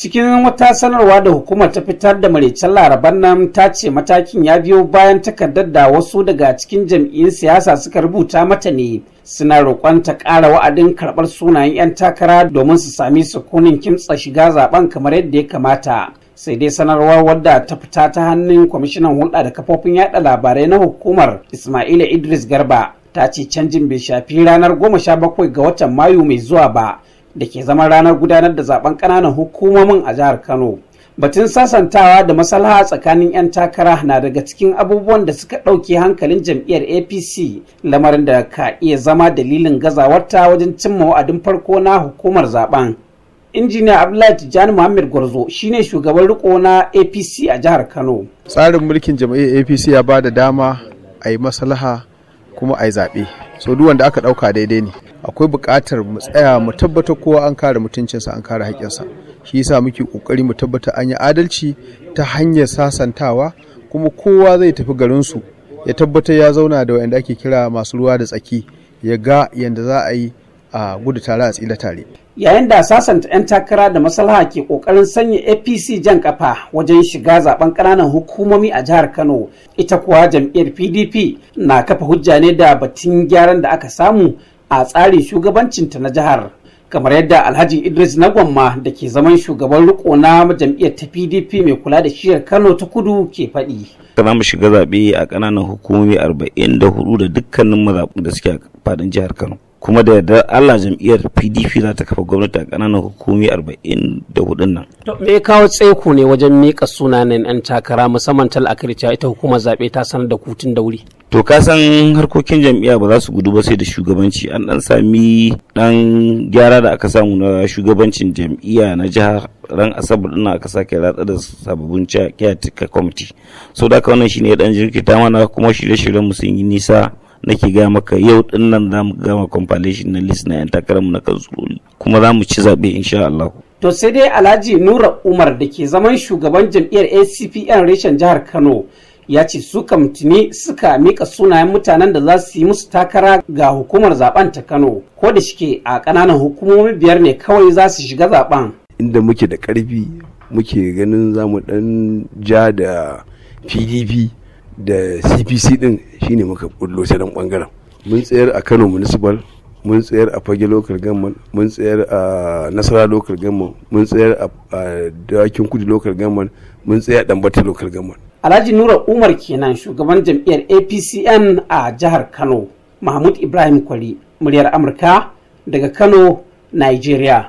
cikin wata sanarwa da hukumar ta fitar da maraicen laraban nan ta ce matakin ya biyo bayan takardar da wasu daga cikin jam'iyyun siyasa suka rubuta mata ne suna roƙon ta ƙara wa'adin karɓar sunayen 'yan takara domin su sami sukunin kimtsa shiga zaben kamar yadda ya kamata sai dai sanarwar wadda ta fita ta hannun kwamishinan hulɗa da kafofin yaɗa labarai na hukumar ismaila idris garba ta ce canjin bai shafi ranar goma sha bakwai ga watan mayu mai zuwa ba da ke zama ranar gudanar da zaben ƙananan hukumomin a jihar kano batun sasantawa da maslaha tsakanin 'yan takara na daga cikin abubuwan da suka ɗauke hankalin jam'iyyar apc lamarin da ka iya zama dalilin gazawarta wajen cimma wa'adin farko na hukumar zaben injiniya abdullahi tijjani muhammad gwarzo shine shugaban riko na apc a jihar kano tsarin mulkin jam'iyyar apc ya ba da dama a yi maslaha kuma a yi zaɓe so duk wanda aka ɗauka daidai ne akwai buƙatar mu tsaya mu tabbata kowa an kare mutuncinsa an kare haƙƙinsa shi yasa muke ƙoƙari mu tabbata an yi adalci ta hanyar sasantawa kuma kowa zai tafi garin su ya tabbata ya zauna da wanda ake kira masu ruwa da tsaki ya ga yadda za a yi a gudu tare a tsira tare yayin da sasanta 'yan takara da maslaha ke kokarin sanya apc jan kafa wajen shiga zaben ƙananan hukumomi a jihar kano ita kuwa jam'iyyar pdp na kafa hujja ne da batun gyaran da aka samu a tsarin shugabancinta na jihar kamar yadda alhaji idris nagwamma da ke zaman shugaban riko na jam'iyyar ta pdp mai kula da shiyar kano ta kudu ke faɗi. za mu shiga zaɓe a ƙananan hukumomi arba'in da hudu da dukkanin mazaɓu da suke a faɗin jihar kano kuma da yadda Allah jam'iyyar PDP za ta kafa gwamnati a ƙananan hukumi 44 nan. Me kawo tsaiko ne wajen mika sunayen 'yan takara musamman talakar cewa ita hukumar zaɓe ta sanar da kutun da wuri. To ka san harkokin jam'iyya ba za su gudu ba sai da shugabanci an ɗan sami ɗan gyara da aka samu na shugabancin jam'iyya na jihar ran asabar din aka sake ratsa da sababbin caretaker committee. So da haka wannan shine ɗan ta mana kuma shirye-shiryen mu sun yi nisa nake ga maka yau din nan za mu gama compilation na list na 'yan takararmu na kansuloli kuma za mu ci zaɓe insha Allah. To sai dai Alhaji Nura Umar da ke zaman shugaban jam'iyyar ACPN reshen jihar Kano ya ce su kamtini suka mika sunayen mutanen da za su yi musu takara ga hukumar zaben ta Kano ko da shike a ƙananan hukumomi biyar ne kawai za su shiga zaben. Inda muke da karfi muke ganin zamu mu ɗan ja da PDP da cpc din shine muka kullo ta dan bangaren mun tsayar a kano municipal mun tsayar a fage local government mun tsayar a nasara local government mun tsayar a dakin kudu local government mun tsayar a dambata local government alhaji nura umar kenan shugaban jam'iyyar apcn a jihar kano mahmud ibrahim kwari muryar amurka daga kano nigeria